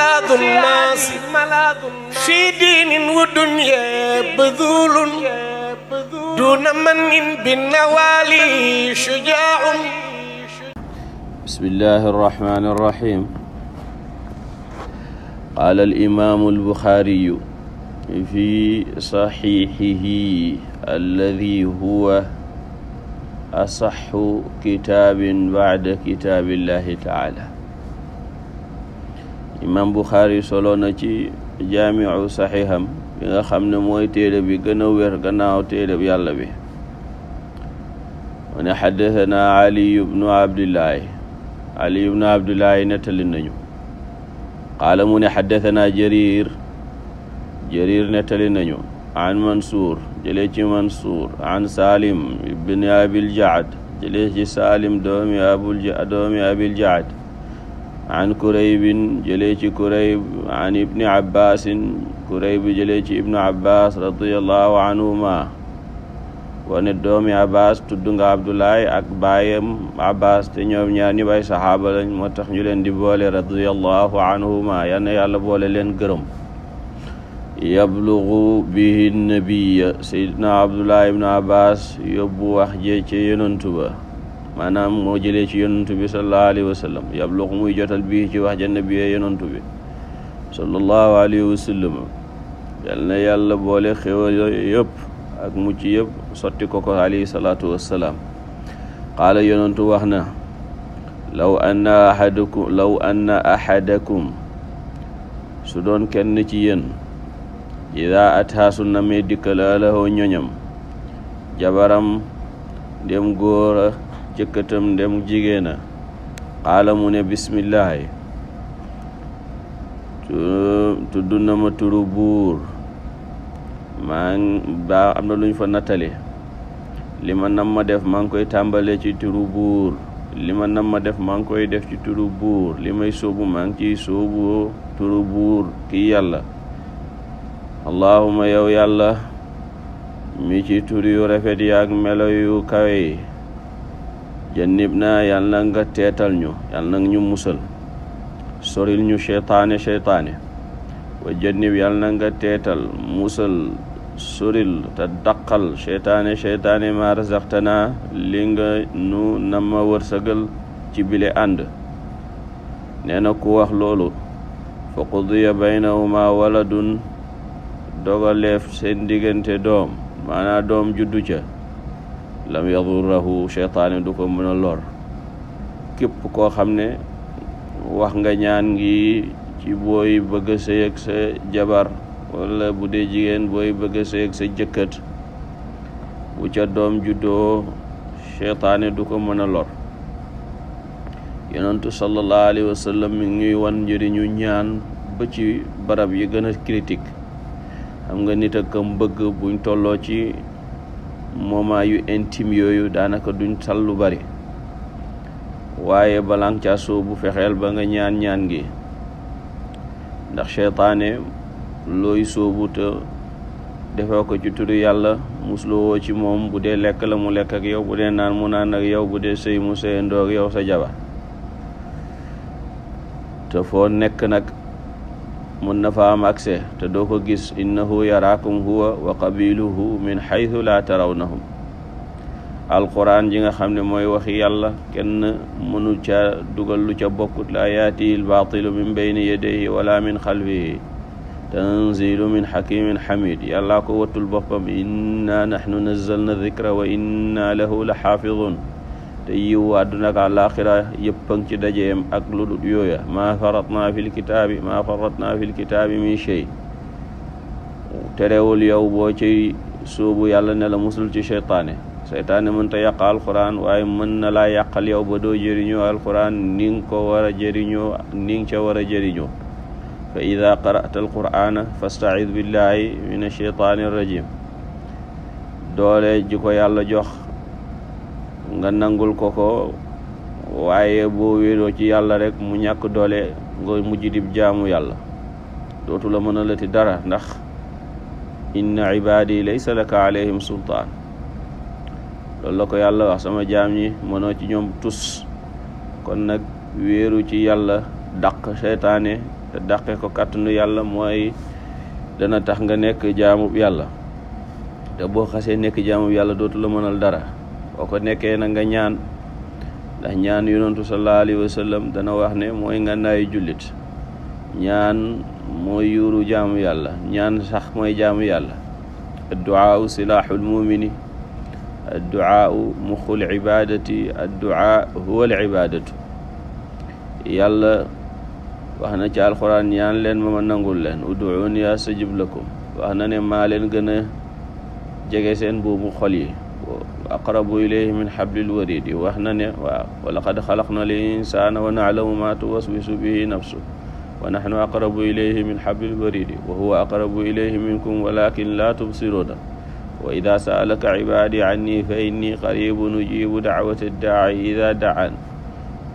ملاذ الناس في دين ودنيا بذول دون من بالنوالي شجاع بسم الله الرحمن الرحيم قال الإمام البخاري في صحيحه الذي هو أصح كتاب بعد كتاب الله تعالى imaam buxaari solo na ci jaamiu saxiixam bi nga xam ne mooy téere bi gën a wér gannaaw téere bi yàlla bi mu ne xaddasanaa aliyu bnu abdullaahi aliyu bnu abdullaahi nettali nañu qaala mu ne xaddasanaa jarir jarir nettali nañu an mansuur jëlee ci mansuur an salim ibni abil jaad jëlee ci salim doomi abul doomi abil jaad an kuraybin jëlee ci kurayb an ibni abbasin kurayb jëlee ci ibnu abbas radiallahu anhuma wane doomi abbas tudd nga abdoulaye ak baayam abbas te ñoom ñaar ñi bay saxaaba lañ moo tax ñu leen di boole radiallahu anhuma yal na yàlla boole leen gërëm yablugu bihi nabiya sayidna abdoulaye ibnu abbas yóbbu wax jee ci yonantu ba maanaam moo jëlee ci yonantu bi sallallahu alayhi wa muy jotal bii ci wax janna bi yee yonantu bi sallallahu yàlla boole xéwal yëpp ak mucc yëpp sotti ko ko alayhi salaatu wassalaam qaala yonantu wax na law anna ahadakum su doon kenn ci yéen ida ataasu namee dikkal alahoo ñoñam jabaram dem góora jëkkatam ndem jigéena xaala mu ne bismillahi tudd na ma turu buur maa baa am na luñ fa nattale li ma nam ma def maa koy tàmbalee ci turu buur li ma nam def maa koy def ci turu buur li may sóobu maa ngi ciy sóobu turu buur kii yàlla allahuma yow yàlla mi ci tur yu rafet yaak melo yu kawe jannib naa yàlla nga teetal ñu yàlla ñu musal soril ñu seytaane seytaane wa jannib yàlla nga teetal musal soril te daqal seytaane seytaane ma razaqtana li nga nu na ma ci bile ànd nee na ku wax loolu fa qudiya baynahuma waladun dogaleef seen diggante doom maanaa doom juddu ca lam yadurrahu cheytaane du ko mën a lor képp koo xam ne wax nga ñaan ngi ci booy bëgg a sëy sa jabar wala bu dee jigéen booy bëgg a sëy sa jëkkët bu ca doom juddoo cheytaane du ko mën a lor yonentu sallallahu alayhi wa sallam mi ngi wan njëriñu ñaan ba ci barab yi gën a critique xam nga nit ak kam bëgg buñ tolloo ci moment yu intime yooyu daanaka duñ sal lu bari waaye balang ca bu fexeel ba nga ñaan-ñaan ngi ndax seytaane looy soobu te defoo ko ci turu yàlla musuloo ci moom bu dee lekk la mu lekk ak yow bu dee naan mu naan ak yow bu dee sëy mu sëyandoo ak yow sa jabar te foo nekk nag mun na fa am accès te doo ko gis innahu yaraakum huwa wa qabiluhu min xaytu laa tarawnahum alquran ji nga xam ne mooy waxi yàlla kenn mënu ca dugal lu ca bokkut laa yaati albaatilu min bayni yadayhi wala min xalfihi tanzilu min xakimin xamid yàllaa ko wattul boppam inna naxnu nazzalna dikra wa inna lahu la xaafidun te yiwu àdduna ak àllaaxira ci dajeem ak lu dul yooya maa faratnaa fil kitaabi maa faratnaa terewul yow boo ci suubu yàlla ne la musul ci seytaane seytaane mënta yàq waaye mën laa yàqal yow ba doo jëriñoo alquran ni nga ko fa ida qara'ta alqur'ana fasta'id billahi min asheytaani arrajim doole ji ko yàlla nga nangul ko ko waaye boo wéeroo ci yàlla rek mu ñàkk doole nga mujj di jaamu yàlla dootu la mën a lati dara ndax inna ibaadi laysa laka alayhim sultaan loolu la ko yàlla wax sama jaam yi mënoo ci ñoom tus kon nag wéeru ci yàlla dàq seytaane te dàqe ko kàttanu yàlla mooy dana tax nga nekk jaamub yàlla te boo xasee nekk jaamub yàlla dootu la mënal dara boo ko na nga ñaan ñaan yonantu sallallahu alayhi wa wax ne mooy nga naayu jullit ñaan yuuru jaamu yàlla ñaan sax mooy jaamu yàlla adduaau silaaxul mumini adduaau muxul ibaadati adduaa huwa al ibaadatu yàlla wax na ci alxuraan ñaan leen ma ma nangul leen udduuni astajib lakum wax ne maa leen gën a jege seen buumu xol yi aqrabu ilayhi min xablil waridi wax na ne waaw wa laqad xalaqna al insana wa naclamu ma tuwaswisu bihi nafsu wa naxnu aqrabu ilayhi min xablil waridi wa huwa aqrabu ilayhi minkum walakin la tubsiruna wa ida saalaka cibaadi anni fa inni qaribun ujibu dacwata daaci ida dacaan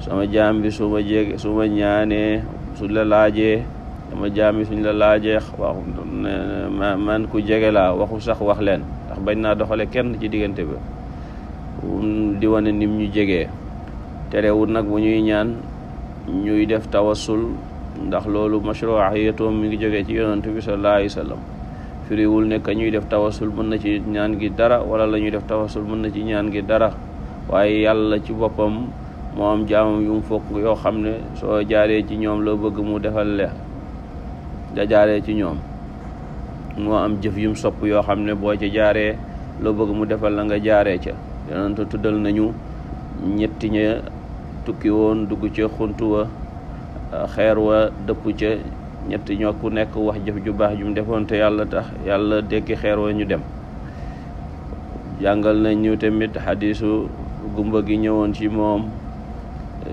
sama jaam bi su ma jege su ma ñaanee su la laajee dama jaam suñ la laajee wax man ku jege laa waxu sax wax leen ndax bañ naa doxale kenn ci diggante bi Um, di wane nim ñu jegee terewul nag bu ñuy ñaan ñuy def tawassul ndax loolu mashruuhiyatoom mi ngi jógee ci yonent bi sallallahu alayhi wa sallam firiwul ne ñuy def tawasul mën na ci ñaan gi dara wala la ñuy def tawasul mën na ci ñaan gi dara waaye yàlla ci boppam moo am jaamam yu fokk yoo xam ne soo jaaree ci ñoom loo bëgg mu defal la da jaaree ci ñoom moo am jëf yum sopp yoo xam ne boo ci jaaree loo bëgg mu defal la nga jaaree ca yonent tuddal nañu ñetti ña tukki woon dugg ca xuntu wa xeer wa dëpp ca ñetti ñoo ku nekk wax jëf ju baax jum defoon te yàlla tax yàlla dekki xeer wa ñu dem jàngal nañu tamit xadiisu gumba gi ñëwoon ci moom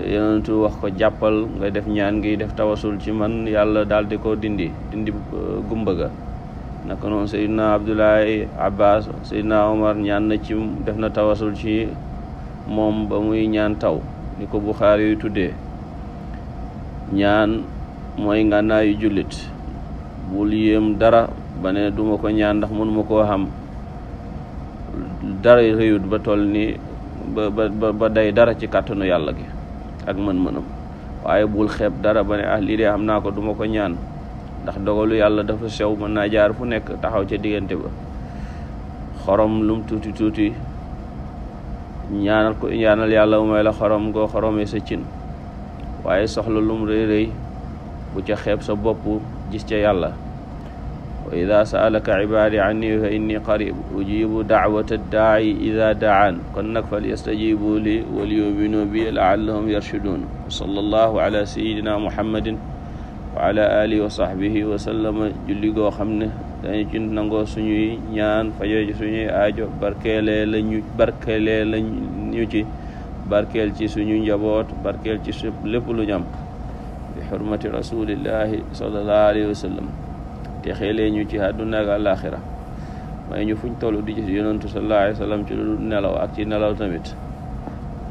yonentu wax ko jàppal nga def ñaan gi def tawasul ci man yàlla daal di ko dindi dindi uh, gumba ga naka noonu Seydina Abdoulaye Abbas Seydina Omar ñaan na ci def na tawasul ci moom ba muy ñaan taw ni ko Buxaari yu tuddee ñaan mooy ngànnaayu jullit bul yéem dara ba ne duma ko ñaan ndax mënuma koo xam dara réyut ba toll ni ba day dara ci kàttanu yàlla gi ak mën-mënam waaye bul xeeb dara ba ne ah de xam naa ko duma ko ñaan ndax dogalu yàlla dafa sew mën naa jaar fu nekk taxaw ca diggante ba xorom lum tuuti tuuti ñaanal ko ñaanal yàlla mu la xorom goo xoromee sa cin waaye soxla lum rëy rëy bu ca xeeb sa bopp gis ca yàlla wa ida saalaka ibaadi anni fa inni qarib ujibu daawata daai ida daan kon nag fal yastajibu li wal yuminu bi laallahum yarshudun wa sallallahu ala sayidina muhammadin wa ala alihi wa sahbihi julli goo xam ne dañu ci nangoo suñuy ñaan fajee ci suñuy aajo barkeelee lañu barkeelee ci barkeel ci suñu njaboot barkeel ci lépp lu ñam bi xurmati rasulillahi sallallahu wa sallam te xeelee ñu ci àdduna ak àlaxira may ñu fuñ toll di gis yonentu sallallahu alayhi wa sallam ci lu nelaw ak ci nelaw tamit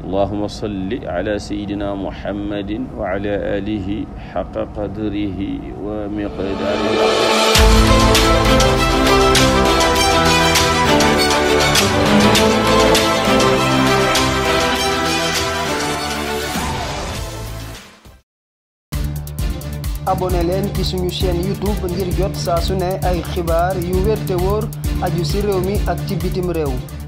allahuma salli ala sayidina muhammadin wa ala alihi xaqa leen ci suñu chaîne youtube ngir saa su ne ay xibaar yu wér te aju ci réew mi ak ci bitim réew